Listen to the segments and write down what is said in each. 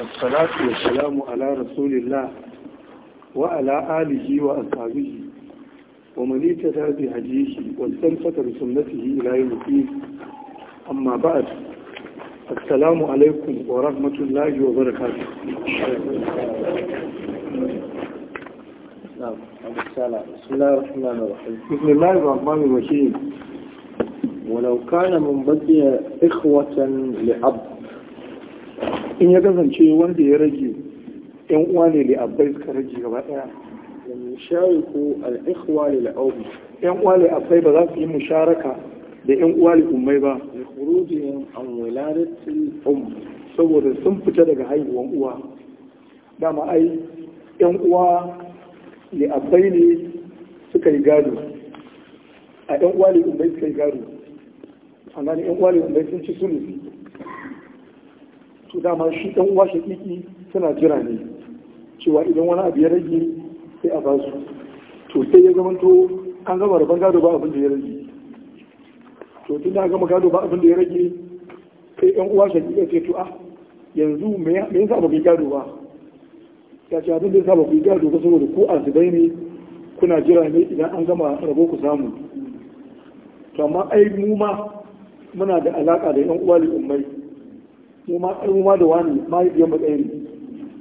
الصلاة والسلام على رسول الله وعلى آله وأصحابه ومن اهتدى بهديه واستمسك بسنته إلى يوم الدين أما بعد السلام عليكم ورحمة الله وبركاته نعم، بسم الله الرحمن الرحيم بسم الله الرحمن الرحيم ولو كان بدي إخوة لعبد in ya kasance wanda ya rage yan uwa ne da abai suka rage gaba daya da mushariku ko ikhwa ne la'aubi yan uwa ne abai ba za su yi musharaka da yan uwa ne ummai ba da khurujin an wiladatil um saboda sun fita daga haihuwan uwa dama ai yan uwa ne abai ne suka yi gado a yan uwa ne ummai suka yi gado an yan uwa ne ummai sun ci sulusi to dama shi ɗan uwa shaƙiƙi suna jira ne cewa idan wani abu ya rage sai a ba su to sai ya zamanto an gama rabon gado ba abin da ya rage to tun da gama gado ba abin da ya rage sai ɗan uwa shaƙiƙa sai to a ah, yanzu me yasa ba ku gado ba ya ce abin da yasa ba ku gado ba saboda ku arzibai ne kuna jira ne idan an gama rabo ku samu to amma ai mu ma muna da alaka da yan uwa ummai mu ma mu da wani mahaifiyar mu ne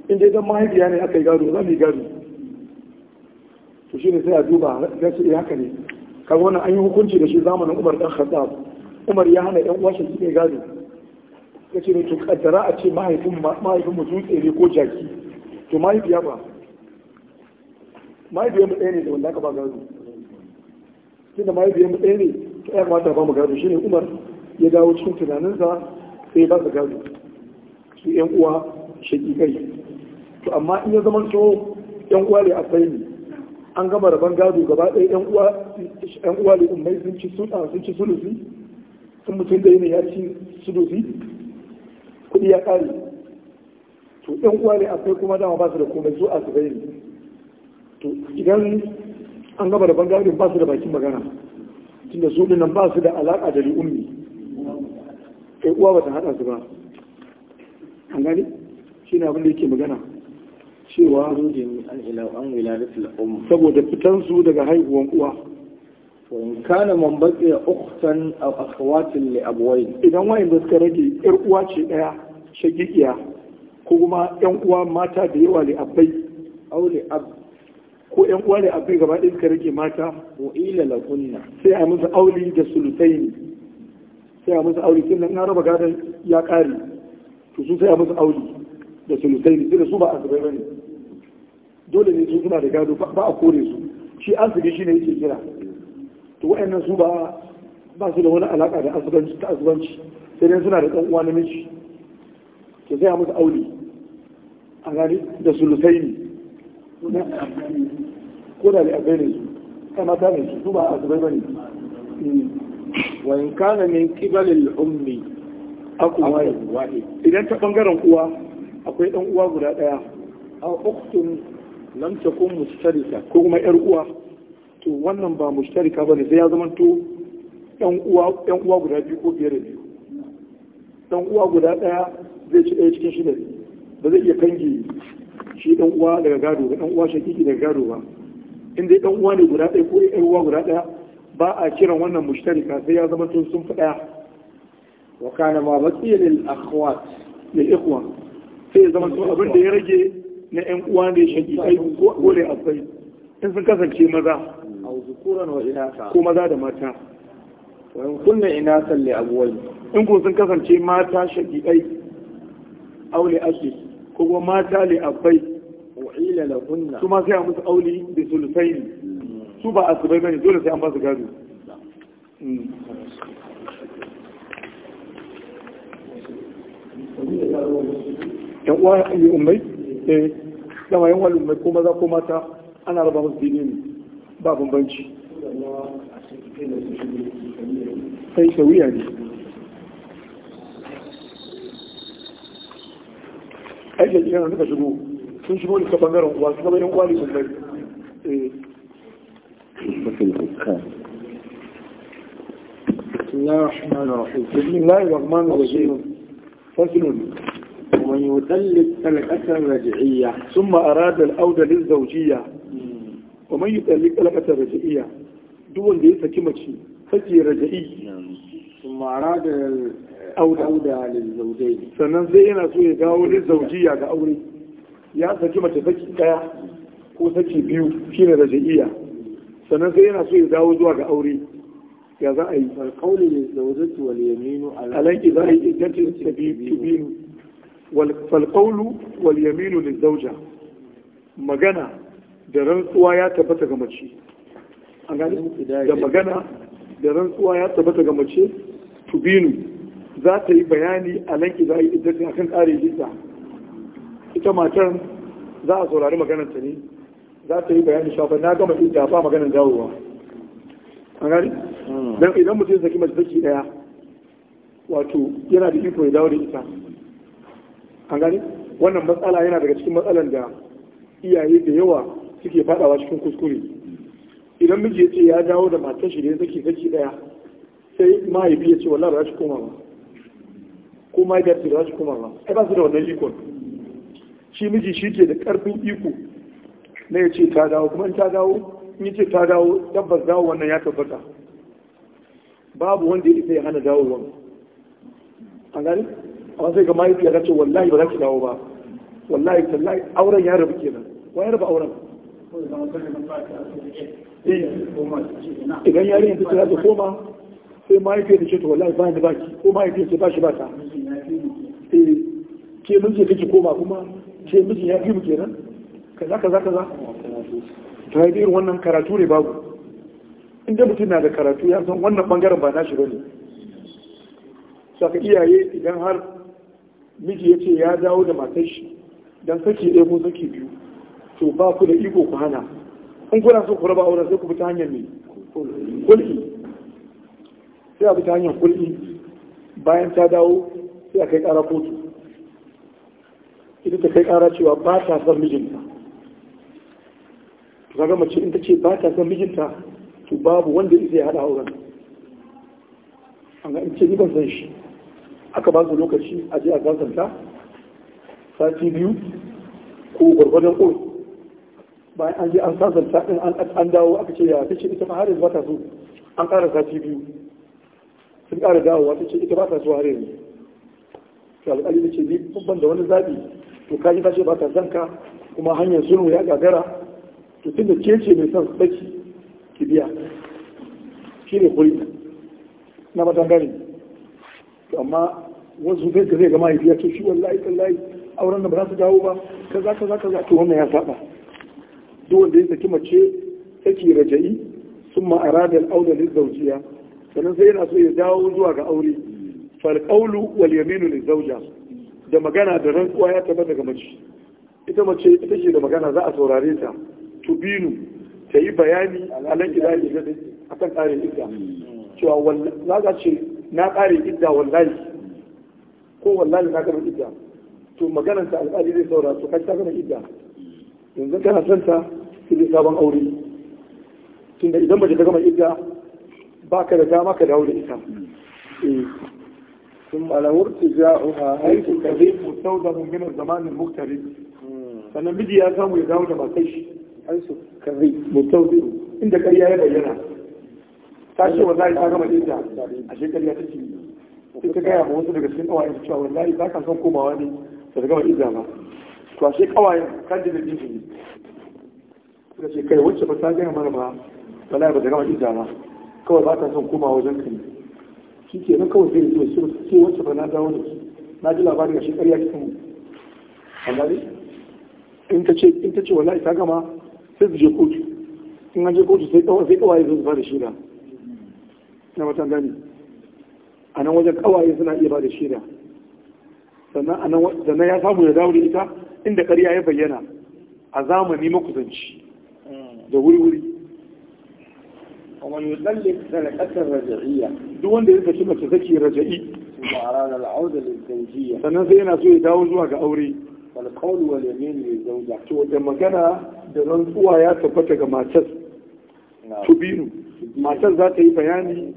in dai don mahaifiya ne aka yi gado za mu yi gado to ne sai a duba ga su haka ne kaga wannan an yi hukunci da shi zamanin Umar ɗan Khattab Umar ya hana ɗan uwansa su kai gado ce ne to kaddara a ce mahaifin mahaifin mu ne ko jaki to mahaifiya ba mahaifiyar mu ne da wanda aka ba gado tunda mahaifiyar mu ne to ya kamata ba mu gado ne Umar ya dawo cikin tunaninsa sai ba su gani su yan uwa shakikai to amma in ya zama to yan uwa ne sai ni an gama rabon gado gaba ɗaya yan uwa yan uwa ne ummai sun ci su ah, sun ci sulusi sun mutum da ne ya ci sulusi kuɗi ya ƙare to yan uwa ne a sai kuma dama ba su da komai su a su to idan an gama rabon gado ba su da bakin magana tunda su ɗin nan ba su da alaƙa da ri'ummi kai uwa ba ta haɗa su ba an gani shi ne abin da yake magana cewa saboda fitan su daga haihuwan uwa in kana man a ukhtan aw akhawatin li abwayn idan wayan da suka rage yar uwa ce daya shagigiya ko kuma yan uwa mata da yawa li abai aw li ab ko yan uwa li abai gaba ɗaya suka rage mata wa ila lahunna sai a musu auli da sulusaini sai a musu aure kinan nan raba gadon ya kare to su sai a musu aure da su sai ne da su ba asibai bane dole ne su suna da gado ba a kore su shi asibi shi ne yake kira to wa'annan su ba ba su da wani alaka da asibanci ta asibanci sai dai suna da dan uwa miji to sai a musu aure a gani da sai ne ko da a bai ne su kai ta ne su ba asibai bane eh. wa kana min qibalil ummi aku wahid idan ta bangaren uwa akwai dan uwa guda daya aw ukhtun lam takun mushtarika ko kuma yar uwa to wannan ba mushtarika bane sai ya zama to uwa uwa guda biyu ko biyar da biyu dan uwa guda daya zai ci ɗaya cikin shida ba zai iya kange shi dan uwa daga gado ba dan uwa shakiki daga gado ba in dai dan uwa ne guda daya ko yar uwa guda daya ba a kiran wannan mushtarika sai ya zama tun sun fi ɗaya wa kana ma baqiya lil akhwat lil ikhwa sai zama tun abin da ya rage na ƴan uwa ne shaki ai ko ne akwai in sun kasance maza au zukuran wa inasa ko maza da mata wa in kunna inasa li abwai in kun sun kasance mata shaki ai au li akhi ko mata li abai wa ila lahunna kuma sai a musu auli bi sulusaini su ba a asibai bane dole sai an ba su gado yan uwa yi ummai eh dama yan wani ummai ko maza ko mata ana raba musu dini ne ba bambanci sai shawiya ne aikin yana suka shigo sun shigo da ta bangaren uwa su gaba yan uwa ne ummai eh وفي الحكام بسم الله الرحمن الرحيم بسم الله الرحمن الرحيم فصل ومن يطلق طلقة رجعية ثم أراد الأودة للزوجية ومن يطلق طلقة رجعية دون ليس كمتشي فجي رجعي ثم أراد الأودة للزوجين sannan zai yana so ya gawo lizaujiya ga aure ya saki mace saki daya ko saki biyu shine rajaiya sannan sai yana so ya dawo zuwa ga aure ya za a yi alƙawli ne da wajen wal yaminu alanki za a yi idantin tabinu falƙaulu wal yaminu ne zauja magana da rantsuwa ya tabbata ga mace an gani da magana da rantsuwa ya tabbata ga mace tubinu za ta yi bayani alanki za a yi idantin akan tsarin jinta ita matar za a saurari maganarta ne za ta yi bayani shafa na gama ita ba maganin dawowa an gani hmm. don idan mutum ya saki mace saki daya wato yana da iko ya dawo da ita an gani wannan matsala yana daga cikin matsalan da iyaye da yawa suke fadawa cikin kuskure idan miji ya ce ya dawo da matar shi da ya saki saki daya sai mahaifi ya ce wallahi ba za shi koma ba ko mahaifiyar ce ba za shi koma ba ai ba su da wannan ikon shi miji shi ke da karfin iko na ya ce ta dawo kuma ta dawo in ce ta dawo tabbas dawo wannan ya tabbata babu wanda ya isa ya hana dawo wani a gani a wasu ga mahaifiya ta ce wallahi ba za ki dawo ba wallahi tallahi auren ya rabu kenan wa ya rabu auren eh. idan yarinyar ta ce za koma sai mahaifiyar ta ce to wallahi ba ni ba ki ko mahaifiyar ce ba shi ba ta eh. ke mijin kake koma kuma ke mijin ya fi mu kenan kaza kaza kaza to ya irin wannan karatu ne babu inda mutum na da karatu ya san wannan bangaren ba na ba bane saka iyaye idan har miji ya ce ya dawo da matar shi dan saki ɗaya ko saki biyu to ba ku da iko ku hana in kuna so ku raba auren sai ku bi ta hanyar mai kulki sai a bi ta hanyar kulki bayan ta dawo sai a kai ƙara kotu ita ta kai ƙara cewa ba ta san mijinta to kaga mace in ta ce ba ta san mijinta to babu wanda zai hada auren an ga in ce ni ban san shi aka ba su lokaci a je a gasanta sati biyu ko gwargwadon ko bayan an je an sasanta ɗin an dawo aka ce ya ta ce ita ma har yanzu ba ta so an ƙara sati biyu sun ƙara dawowa ta ce ita ba ta so har yanzu to alƙali ta ce ni ban da wani zaɓi to kaji ta ce ba ta zanka kuma hanyar sulhu ya gagara tutun da ke ce mai son tsaki ki biya shi ne kuri na matan gani to amma wasu zai ka zai ya biya to shi wallahi layi, auren da ba za su dawo ba kaza kaza kaza ka wannan ya saba duk wanda ya saki mace saki raja'i sun ma'arada al'aula lizzaujiya sannan sai yana so ya dawo zuwa ga aure falƙaulu wal yaminu zauja da magana da rantsuwa ya tabbata ga mace ita mace ita ce da magana za a saurare ta tubinu ta yi bayani a nan gida ne a kan ƙarin idda cewa za ka ce na ƙarin idda wallahi ko wallahi na ƙarin idda to maganar ta alƙali zai saura to kai ta gama idda yanzu kana son ta sai sabon aure tunda idan mace ta gama idda ba ka da dama ka dawo da ita ثم لو ارتجاعها حيث تغيب مستودع من الزمان المقترب sannan miji ya samu ya dawo da matar ansu karri mutawdi inda ƙarya ya bayyana ta ce zai ta gama dinta a shekariya ta ce sai ta gaya ma wasu daga cikin ƙawayen cewa wallahi ba ka son komawa ne da ta gama idda ba to shi ƙawayen kan da dinta ne suka ce kai wacce ba ta gaya mana ba wallahi ba ta gama idda ba kawai ba ta son komawa wajen kai shi ke nan kawai zai zo shi ce wacce ba na dawo da shi, na ji labarin a shekariya cikin amma in ta ce in ta ce wallahi ta gama sai su je kotu in an je kotu sai kawaye sun ba da shaida na watan gani a nan wajen kawaye suna iya ba da shaida sannan ya samu ya dawo da ita inda karya ya bayyana a zamani makusanci da wuri-wuri ومن يطلق سلقة الرجعية دون ذلك شمس ذكي رجعي ثم أراد العودة للزوجية سنزينا سوء داون زوها كأوري alƙawul wal yamin li zawja to da magana da rantsuwa ya tabbata ga matar binu matar za ta yi bayani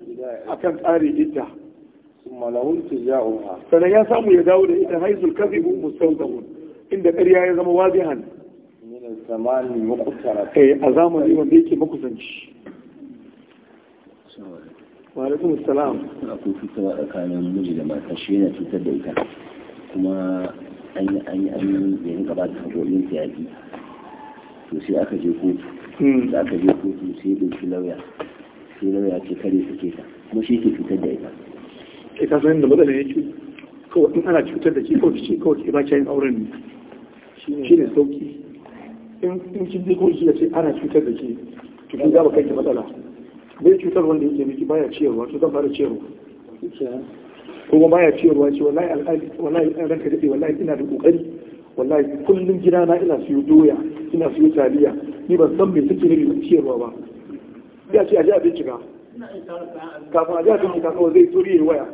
akan tsarin idda malahun tijauha Sanan ya samu ya dawo da ita haizul kadhibu mustawdahun inda ƙarya ya zama wazihan min zamani muqtara kai eh, a zamani wanda yake makusanci wa alaikum assalam akwai fitowa tsakanin miji da mata shi yana cutar da ita kuma an yi an yi an yi ya rinka ba da haƙoƙin yaƙi to sai aka je kotu hmm. da aka je kotu sai ya ɗauki lauya sai lauya ce kare su ke ta kuma shi ke cutar da ita kai ka san da matsalar yake kawai in ana cutar da ke kawai ce kawai ke ba ki yin auren ne shi ne sauki in kin je kawai ce ana cutar da ke to kin ga ba kai ki matsala bai cutar wanda yake miki baya ciyarwa to zan fara ciyarwa kuma baya ciyarwa ce wallahi alhali wallahi an ranka dade wallahi ina da kokari wallahi kullun gida na ina siyo doya ina siyo taliya ni ban san me suke ne ciyarwa ba ya ce a ji ka. bincika kafin a ji a kawai zai turi waya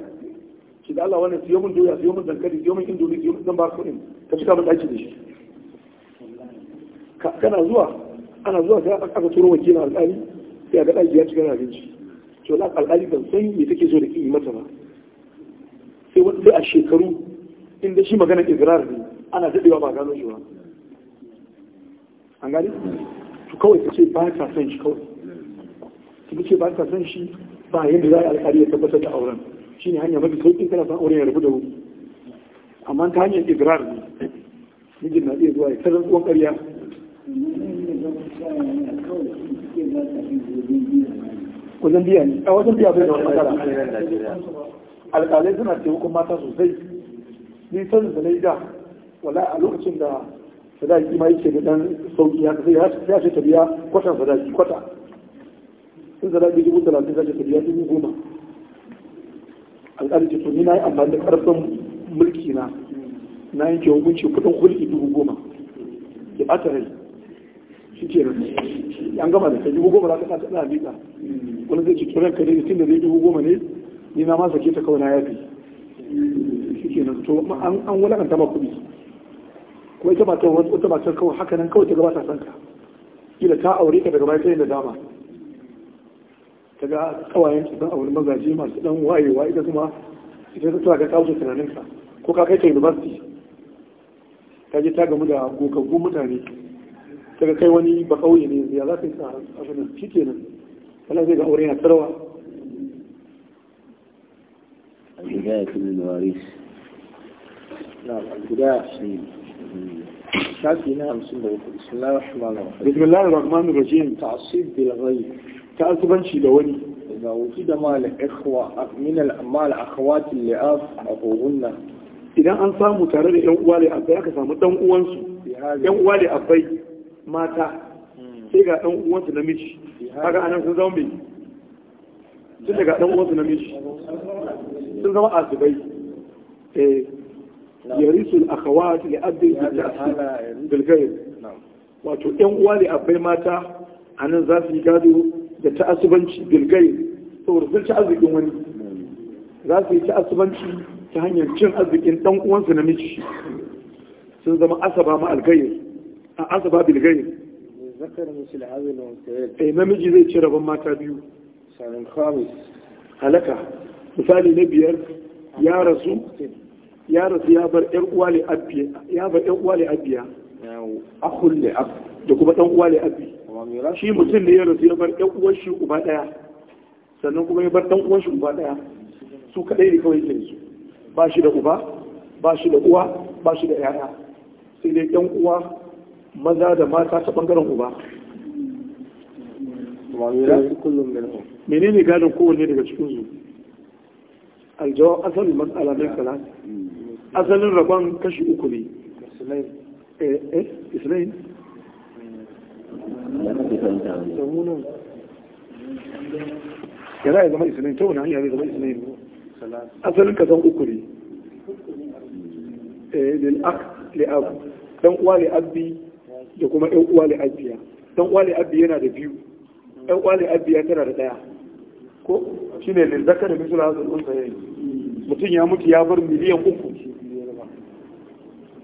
shi da Allah wannan siyo min doya siyo min dankali siyo min indomi siyo min zambar kudin. ka cika min ɗaki da shi kana zuwa ana zuwa sai aka turo wakilin alƙali sai a ga ɗaki ya cika abinci to la alƙali ban san me take so da ke yi mata ba sai a shekaru inda shi maganar izrar ne ana daɗewa ba gano shi ba an gani su kawai ta ce ba ta san shi kawai ta ce ba ta san shi ba yadda za a yi alƙari ya tabbatar da auren shi ne hanyar mafi sauƙin kana san auren ya rabu da wuri amma ta hanyar izrar ne mijin na iya zuwa ya tarar tsohon ƙarya wajen biya ne a wajen biya bai da wani matsala alƙalai suna taimakon mata sosai ni san da na yi da wala a lokacin da sadaki ma yake da dan sauki ya sai ya ce tabiya kwatan sadaki kwata sun sadaki dubu talatin za ta tabiya dubu goma alƙalai ce to ni na yi amfani da ƙarfin mulki na na ke hukunci kudin hulki dubu goma ya ɓata rai shi ke nan an gama da ta dubu goma za ka ta ta ɗana miƙa wani zai ce turan kare da tun da zai dubu goma ne ni na ma ke ta kawai na yafi shike nan to an wulakanta ma kuɗi kuma ita ba ta wata matan kawai haka nan kawai ta gabata san ka kila ta aure ka daga baya da dama ta ga kawayen su dan aure magaji masu dan wayewa ita kuma ita ta tsaka ga kawo tunanin ka ko ka kai ta university ta je ta gamu da gogaggun mutane ta ga kai wani ba kauye ne ya za ka yi sa abin shikenan Allah zai ga aure na tarwa. البداية من نعم البداية شاكي نعم بسم الله الرحمن الرحيم بسم الله الرحمن الرحيم تعصيب بالغيب تعصبا شي لوني إذا وجد مال إخوة من الأمال أخوات اللي أف أبوهن إذا أن سامو تارد يوم والي أبي أكسامو دم أوانسو يوم والي أبي ماتا sai ga ɗan uwansu namiji kaga anan sun zaune tun daga ɗan uwansu namiji sun zama azubai eh, yarisu al-akhawat li abdin bil ghaib wato yan uwa ne abai mata a nan za su yi gado da ta bil ghaib saboda sun ci arzikin wani za su yi ta'assubanci ta hanyar cin arzikin dan uwansu namiji sun zama asaba ma al-ghaib a asaba bil eh, namiji zai ci rabon mata biyu sanin halaka misali na biyar ya rasu ya rasu ya bar yan uwa le abiya ya bar yan uwa abiya akhul le ab da kuma dan uwa le abi shi mutum ne ya rasu ya bar yan uwan shi uba daya sannan kuma ya bar dan uwan shi uba daya su kadai ne kawai ke su ba shi da uba ba shi da uwa ba shi da yaya sai dai yan uwa maza da mata ta bangaren uba menene gadon kowanne daga cikin su aljawar asalin matsala mai kala hmm. asalin rabon kashi uku ne eh, eh, zama ta wani zama asalin kasan uku ne eh, dan uwa abbi da kuma yan uwa abbiya dan uwa yana da biyu yan uwa abbiya tana da daya ko shi ne lizzaka da misula hazin unsa yayi mutum ya mutu ya bar miliyan uku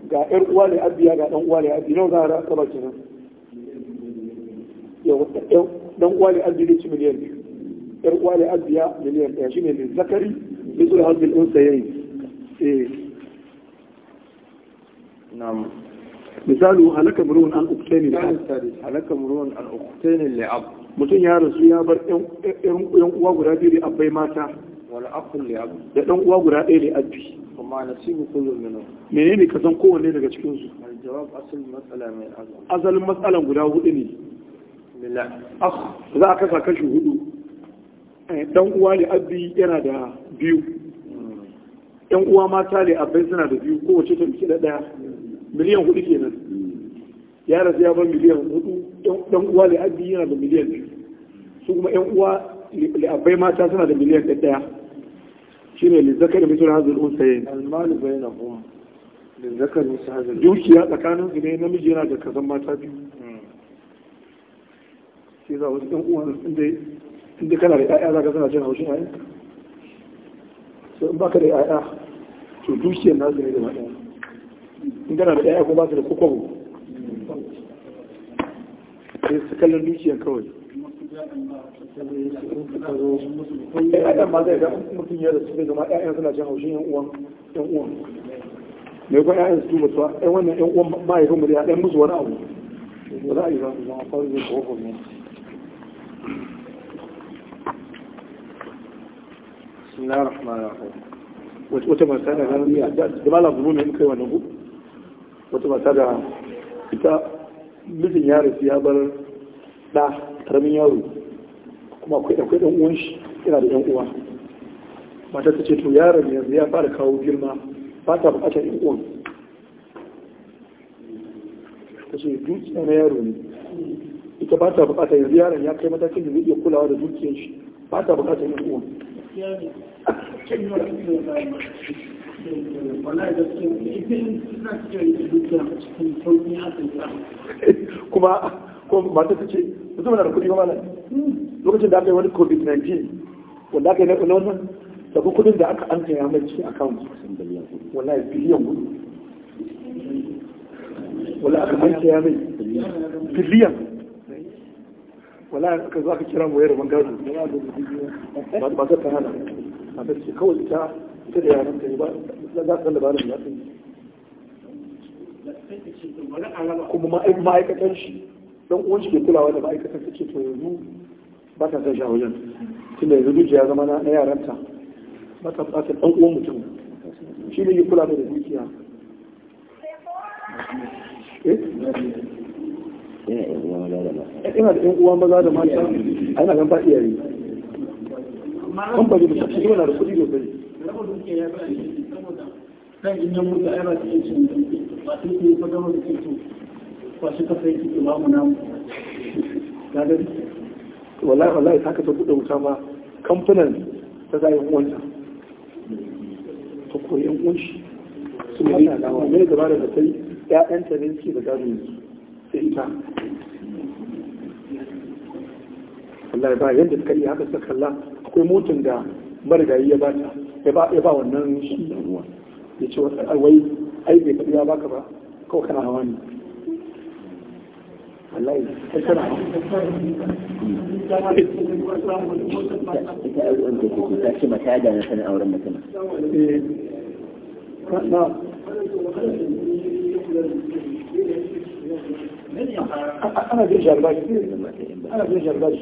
ga yar uwa ne abiya ga dan uwa ne abiya nawa za a raka ba kenan dan uwa ne abiya ne ci miliyan biyu yar uwa ne abiya miliyan ɗaya shi ne lizzakari misula hazin unsa yayi eh Nam. misalu halaka murun an uktaini da mutum ya rasu ya bar yan uwa guda biyu da abbai mata da ab dan uwa guda ɗaya da abbi kuma nasibu kullu minhu menene ka san kowanne daga cikin su aljawab matsala matsalan guda hudu ne ah, za a kasa kashi hudu eh, dan uwa da abbi yana da biyu hmm. yan uwa mata da abbai suna da biyu kowace ta da ɗaya miliyan hudu kenan ya rasu ya bar miliyan hudu dan uwa abi yana da miliyan biyu su kuma yan uwa abai mata suna da miliyan ɗaya shine lizzakar da mutum hazul unsayin almalu bainahum lizzakar musu hazul dukiya tsakanin su ne namiji yana da kazan mata biyu hmm. sai za wasu ɗan uwa inda inda kana da ƴaƴa za ka sana jin haushin ƴaƴa so in baka da ƴaƴa to dukiyar na ne da ɗaya in gana da ɗaya ko ba su da kukwabo sai su kallon dukiyar kawai adam ma zai ga mutum zai zama suna haushin uwan uwan mai su wannan uwan da musu wani abu za a su zama kawai zai بسم الله الرحمن الرحيم وتمسانا muka yi wata mata da ita mijin ya ya bar ɗa karamin yaro kuma akwai akwai ɗan uwan shi yana da ɗan uwa mata ta ce to yaron yanzu ya fara kawo girma ba ta buƙatar yan uwan ta ce dukiya na yaro ne ita ba ta bukatar yanzu yaron ya kai matakin da zai iya kulawa da dukiyar shi ba ta bukatar yan uwan kuma ko mata ta ce mutum na da kuɗi kuma lokacin da aka yi wani covid-19 wanda aka yi na wannan sabu kuɗin da aka an taya mai cikin account wallahi biliyan kuɗi wala aka an taya mai biliyan wala aka zo aka kira mu yare bangaro ba ta hana a kawai ita ita da yaran ta ba za su labarin da kuma ma'aikatan shi don uwan shi ke kulawa da ma'aikatan suke to yanzu ba ta san shi a tun da yanzu dukiya zama na yaranta ba ta ba ta dan uwan mutum shi ne yi kula da dukiya eh? ina da yan da mata gan ba iyaye kan ba da yana da kan in yan mutu ai ba su iya cin ba su yi fata ba su ce to ba mu kasa yake ke bamu namu wallahi wallahi ta kasa buɗe wuta ma Kamfanin ta zai wanda ta koyi yan kunshi sun yi dawa mai gaba da ta yi ya'yanta ne suke da gado yanzu sai ita wallahi ba yadda suka iya haka suka kalla akwai motin da marigayi ya ba ta ya ba wannan shi ruwa ya ce wasu alwai ai bai kaɗi ya baka ba kawai kana hawa ne wallahi kai kana hawa ita auren da kuke ta ce mata ya dana sanin auren mutum na أنا بيش أرباش أنا بيش أرباش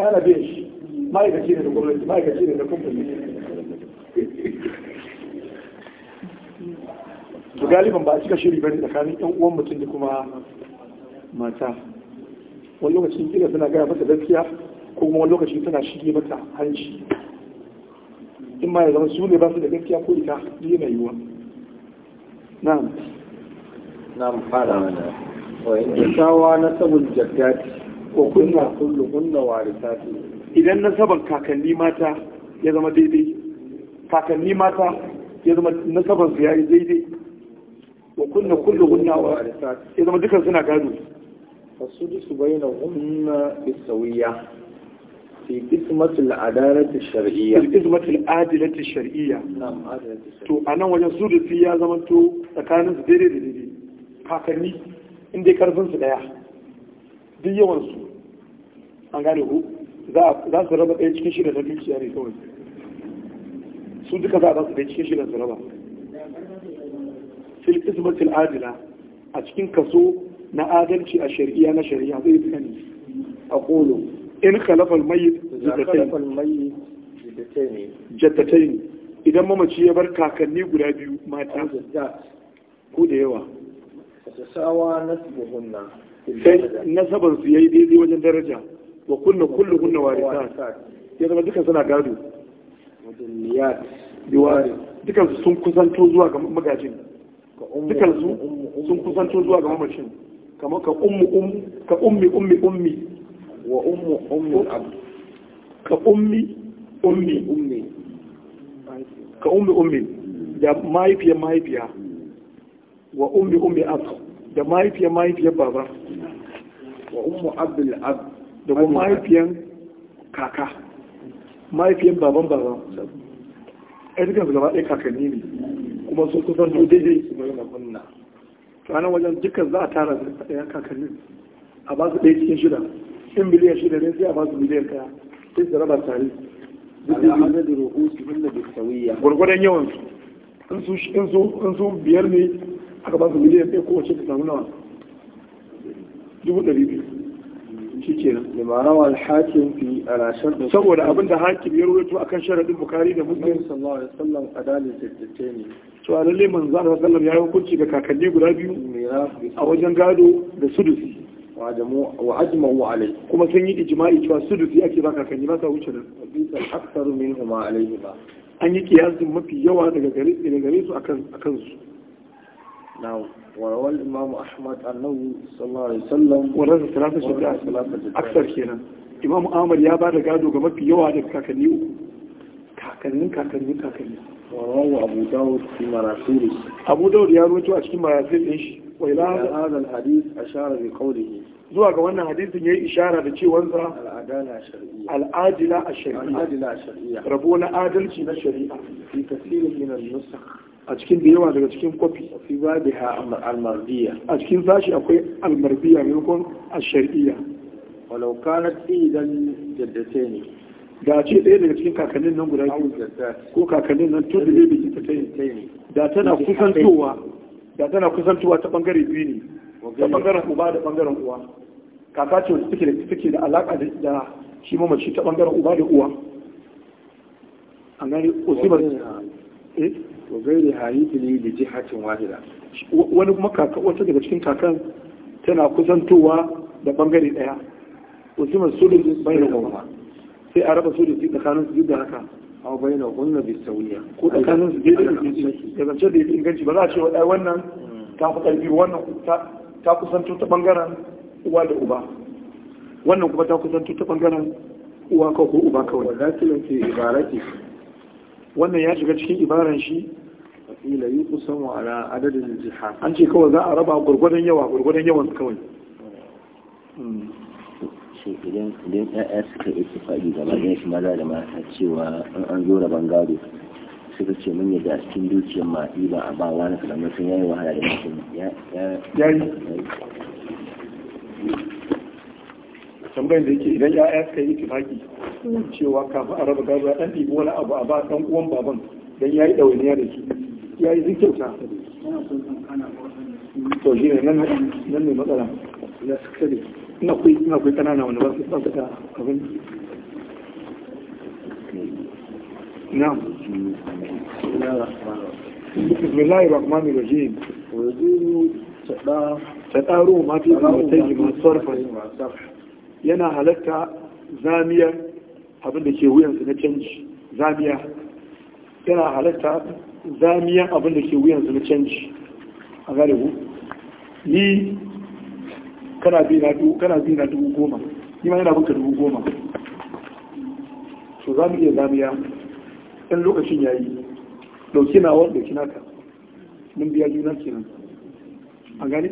أنا بيش ما يكثير لكم ما يكثير لكم galiban ba a cika shiri bari tsakanin yan uwan mutum da kuma mata wani lokacin kila suna gaya mata gaskiya ko kuma wani lokacin tana shige mata hanci in ma ya zama su ne ba su da gaskiya ko ita ne mai yiwuwa na na'am fara mana wa in tawa jaddati kunna kullu kunna idan nasaban kakanni mata ya zama daidai kakanni mata ya zama nasabar su daidai wa kunna kullu hunna wa ya zama dukan suna gado fasudu su bayyana hunna bisawiya fi qismatul adalati shar'iyya fi qismatul adalati shar'iyya na'am adalati to anan wajen su ya zama to tsakanin su daidai da daidai kakanni in dai karfin su daya duk yawan su an gane ku za su raba ɗaya cikin shida na dukiya ne kawai su duka za a ba su ɗaya cikin shida su raba fil al adila a cikin kaso na adalci a shari'a na shari'a zai tsani a kolo in khalafa almayyit jaddatayn idan mamaci ya bar kakanni guda biyu mata ko da yawa sawa nasbuhunna sai nasaban su yayi daidai wajen daraja wa kullu kullu hunna warithat ya zama dukkan suna gado mudalliyat dukan sun kusanto zuwa ga magajin dukansu sun kusanto zuwa ga mamacin kamar ka ummi ka ummi ummi ummi wa ummu ummi abu ka ummi ummi ummi ka ummi ummi da mahaifiyar mahaifiya wa ummi ummi da mahaifiyar mahaifiyar baba wa ummu abdul da kuma mahaifiyar kaka mahaifiyar baban baba ɗaya dukansu gaba ɗaya kakanni ne kuma sun kusan su dai su bai na kunna to anan wajen dukkan za a tara da ɗaya kakanni a ba su ɗaya cikin shida in miliyan shida ne sai a ba su miliyan ɗaya sai su raba tare gwargwadon yawan su in su biyar ne aka ba su miliyan ɗaya kowace ta samu nawa dubu ɗari biyu shikenan limara wal hakim fi ala shartu saboda abinda hakim ya rawaito akan sharadin bukari da muslim sallallahu alaihi wasallam adalin ne to a lalle manzo Allah sallallahu ya yi hukunci ga kakanni guda biyu a wajen gado da sudusi wa ajma'u alai kuma sun yi ijma'i cewa sudusi ake ba kakanni ba sa wuce nan bisan aktsaru minhuma alaihi ba an yi kiyasin mafi yawa daga gare su akan akan su na'am وروى الإمام أحمد أنه صلى الله عليه وسلم ورث ثلاثة شجاعة أكثر كينا إمام آمر يا بعد قادوا قمت في عدد كاكني كاكني كاكني كاكني وروى أبو داود في مراسيل أبو داود يا روتو أشكي مراسيل إيش وإلى هذا الحديث أشار بقوله zuwa ga wannan hadisin ya yi ishara da cewansa al'adila a shari'a rabu na adalci na shari'a fi tasirin minan nusakh a cikin da yawa daga cikin kwafi fi babiha almardiya a cikin sashi akwai almardiya maimakon a shariyya walau kanat idan jaddatayn da ce ɗaya daga cikin kakannin nan guda biyu ko kakannin nan tun da zai bai ta tayi da tana kusantowa da tana kusantowa ta bangare biyu ne ta bangaren uba da bangaren uwa kaka ce wacce take da take da alaka da shi mamaci ta bangaren uba da uwa an gani usibar eh wa gairi hayiti ne da jihatin wahida wani kuma kaka wata daga cikin kakan tana kusantowa da bangare daya usman sulusi bayan kuma sai a raba sulusi tsakanin su da haka a bayan wannan bi sawiya ko tsakanin su da su da zance da yake inganci ba za a ce wa wannan ta fi karfi wannan ta kusanto ta bangaren uwa da uba wannan kuma ta kusanto ta bangaren uwa ko uba kawai wa zakilan fi ibarati wannan ya shiga cikin ibaran shi ila yi kusan wa adadin jihar an ce kawai za a raba gurgurdan yawa gurgurdan yawan kawai hmm. shi idan idan suka yi tufaɗi gaba ɗaya shi maza da mata cewa an an zo raban gado suka ce mun yadda cikin dukiyar ma'i ba a ba wani kalamar sun yayi wahala da mutum ya yi tambayin da yake idan ya'ya suka yi itifaki cewa kafin a raba gado dan ɗibi wani abu a ba ɗan uwan baban dan yi ɗawainiya da shi ya yi kyauta to shi ne nan ne matsala ya su kare ina kuwa ina kuwa ƙanana wani ba su tsafta abin نعم بسم الله الرحمن الرحيم ويجوز تدار ما في ما yana halatta zamiyar abin da ke su na canji zamiya yana halatta zamiyar abin da ke su na canji a garibu ni kana bi na dubu goma ni ma yana buka dubu goma so zamiyar zamiya ɗan lokacin ya yi ɗauki na wani ɗauki naka mun biya juna kenan a gani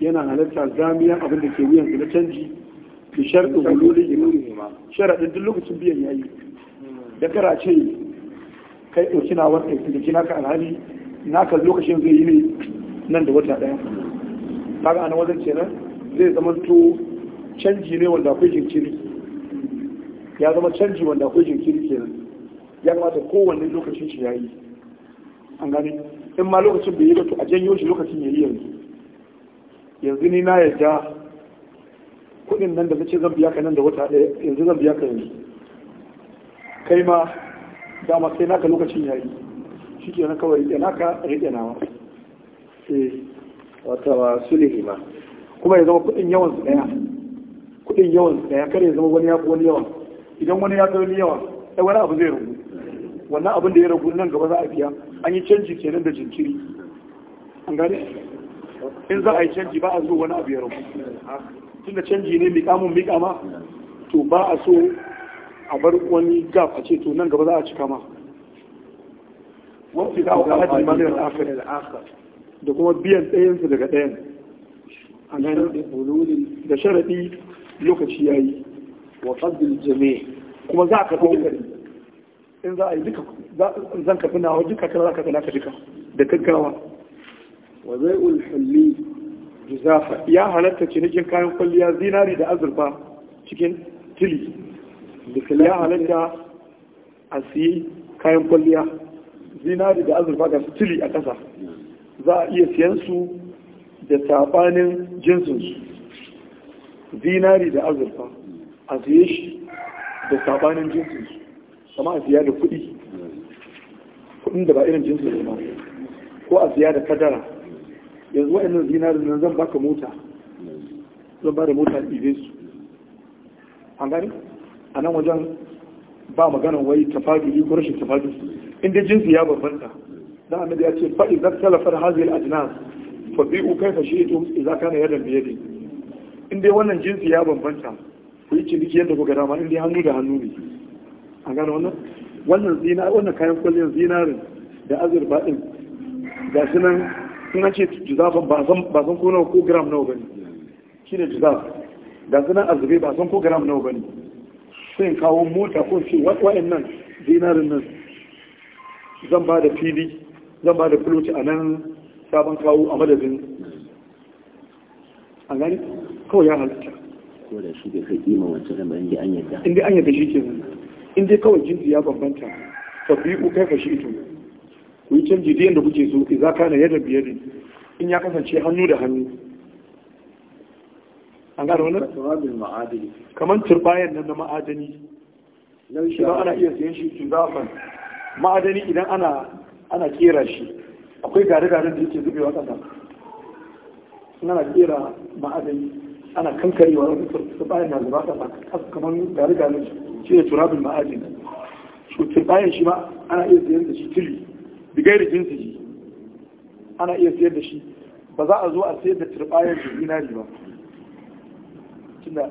yana halatta zamiyar abin da ke su na canji fi sharɗin hululin imuri sharaɗin duk lokacin biyan ya yi da kara ce kai ɗauki na wani ɗauki naka alhali naka lokacin zai yi ne nan da wata ɗaya ga ana wajen nan zai zama to canji ne wanda akwai jinkiri ya zama canji wanda akwai jinkiri ke nan. ya kamata kowanne lokacin shi ya yi an gane in ma lokacin bai yi ba to a janyo shi lokacin ya yi yanzu yanzu ni na yarda kudin nan da zace zan biya ka nan da wata ɗaya yanzu zan biya ka yanzu kai ma dama sai naka lokacin yayi shi ke na kawai yana naka riƙe nawa eh, wata wa sulihi ma kuma ya zama kudin yawan su ɗaya kudin yawan su ɗaya kare ya zama wani ya wani yawan idan wani ya wani yawa ai wani abu zai ragu wannan abin da ya ragu nan gaba za a biya an yi canji kenan da jinkiri an gane in za a yi canji ba a zo wani abu ya ragu tun da canji ne mika mun mika ma to ba a so a bar wani gap a ce to nan gaba za a cika ma wasu za a kala da manar afirka da kuma biyan ɗayansu daga ɗayan a nan da sharaɗi lokaci ya yi wa fadil jami kuma za a karɓi duka in za a yi duka zan karɓi nawa duka kan za ka tsana ka duka da gaggawa wa zai ulhalli juzafa ya halatta cinikin kayan kwalliya zinari da azurfa cikin tili ya halatta a siye kayan kwalliya zinari da azurfa ga su tili a ƙasa za a iya siyan su da sabanin jinsinsu zinari da azurfa a siye shi da sabanin jinsinsu kama a siya da kuɗi kuɗin da ba irin jinsinsu ba ko a siya da kadara yanzu wa'annan zinarin nan zan baka mota zan ba da mota ibe su an gani a nan wajen ba magana wai tafaduli ko rashin tafaduli inda jinsi ya bambanta da annabi ya ce fa idan talafar hazil ajnas fa bi'u fashe ito idza kana yadda bi yadi inda wannan jinsi ya bambanta ku yi ciniki yadda ku gada ma inda hannu da hannu ne an gani wannan wannan wannan kayan kwallon zinarin da azurfa din ga shi nan suna ce jizafin ba san kuna ko gram nawa bane shi ne juzaf da suna azube ba san ko gram nawa bane sai in kawo mota ko ce wa'in nan zinarin nan zan ba da fili zan ba da filoci a nan sabon kawo a madadin a gani kawai ya halitta ko da shi da kai ima wancan da bayan an yadda inda an yadda shi ke nan inda kawai jinsi ya bambanta tabi'u kai ka shi ito ku yi canji da yadda kuke so ka na yadda biyar ne. in ya kasance hannu da hannu an gano wani? turabin ma'adani kamar turbayan nan na ma'adani idan ana iya sayan shi tuzafan ma'adani idan ana ana kera shi akwai gare-garen da yake zubewa kasa ana kera ma'adani ana kankarewa wani turbayan na zuba kasa kaman gare-garen shi ne turabin ma'adani turbayan shi ma ana iya sayan da shi tuli bigairi jinsi ana iya siyar da shi ba za a zo a siyar da turbayar da zinari ba tunda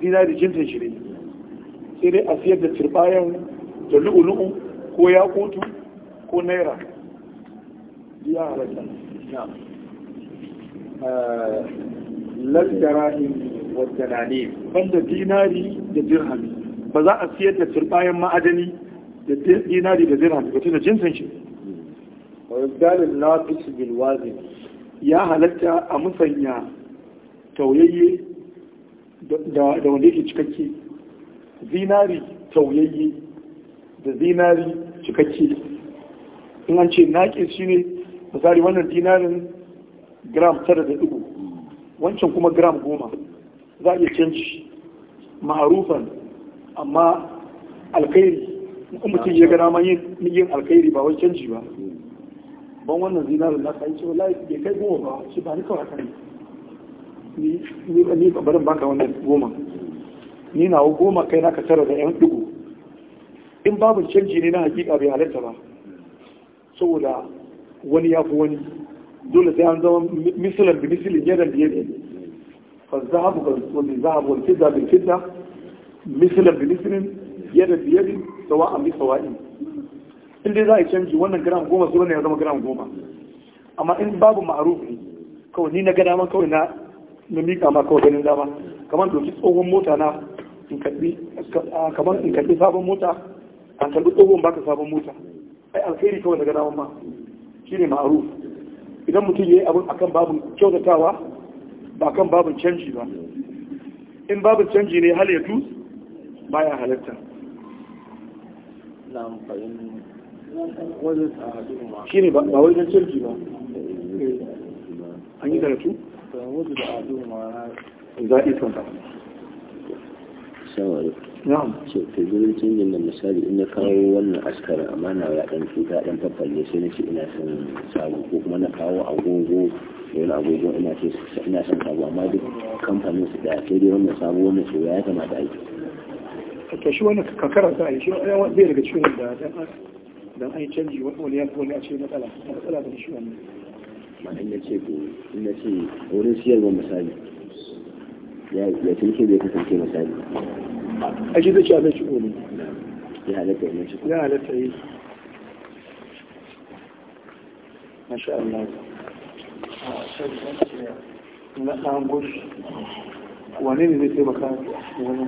zinari jinsin shi ne sai dai a siyar da turbayar da lu'ulu'u ko kotu, ko naira ya halatta in wadda na ne banda dinari da dirhami ba za a siyar da turbayan ma'adani da dinari da dirhami ba tunda jinsin shi wajen lafisu bilwazi ya halatta a musanya tauyayye da wanda yake cikakke zinari tauyayye da zinari cikakke in an ce naƙi shi ne misali wannan dinarin gram tara da dubu wancan kuma gram goma za a iya canci ma'arufan amma alkairi kuma mutum ya gana ma yin alkairi ba wai canji ba ban wannan zinarin na kai ce wallahi bai kai goma ba shi ba ni kawai yi ni ni barin baka wannan goma ni nawa goma kai ka tara da yan dugu in babu canji ne na hakika bai halatta ba saboda wani ya fi wani dole sai an zama misalan bi misalin yadan da yadda fa zahabu wal zahabu wani fidda bil fidda misalan bi misalin yadan da yadda sawa'an bi sawa'in in dai za a yi canji wannan gram goma sai ne ya zama gram goma amma in babu ma'aruf ne kawai ni na gada ma kawai na na mika ma kawai ganin dama kamar doki tsohon mota na in kamar in karbi sabon mota an karbi tsohon baka sabon mota ai alkhairi kawai na gada ma shi ne ma'aruf idan mutum ya yi abin akan babin kyautatawa ba kan babin canji ba in babin canji ne hal ya tu baya halatta na amfani shi ne ba wani don canji ba an yi karatu? za a iya son Na'am. So to canjin da misali in ya kawo wannan askara amma na ya dan tuta dan fafalle sai ce ina son sabu, ko kuma na kawo agogo wani agogo ina ce ina son sabu, amma duk kamfanin su da sai dai wannan sabo wannan so ya kamata a yi. Ka shi wannan ka za a yi shi wani daga cikin da don an yi canji wani ya wani a ce matsala matsala da shi wannan ma in na ce ko in na ce wurin siyarwa misali ya tunke bai kasance misali a shi zai ci abin shigo ne ya halatta yi shigo ya halatta yi masha Allah na ɗan gushi wane ne zai taimaka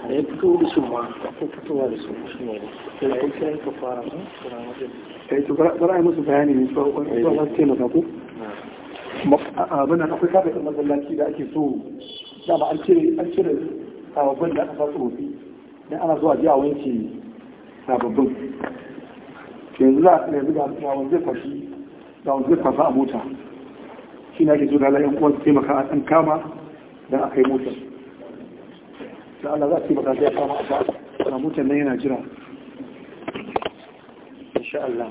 a ya fito da su ma ko fitowa da su shi ne da ya yi ka fara ne kai eh, to bara ai musu bayani ne so ko so za su taimaka ko abin nan akwai kafa masallaci da ake so da ba an cire an cire sababbin da aka sa su rufi dan ana zuwa jiya wanki sababbin yanzu za a yanzu ga wanda zai fashi ga zai fasa a mota shi ne ake so da la'yan kuwa su taimaka a kan kama dan a kai motar da Allah za a taimaka zai kama a ba'a mutan nan yana jira insha Allah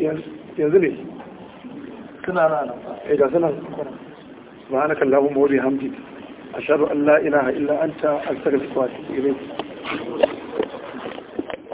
yanzu ne suna na nan eh, ga suna subhanaka allahumma wa bihamdika ashhadu an la ilaha illa anta astaghfiruka wa atubu ilayk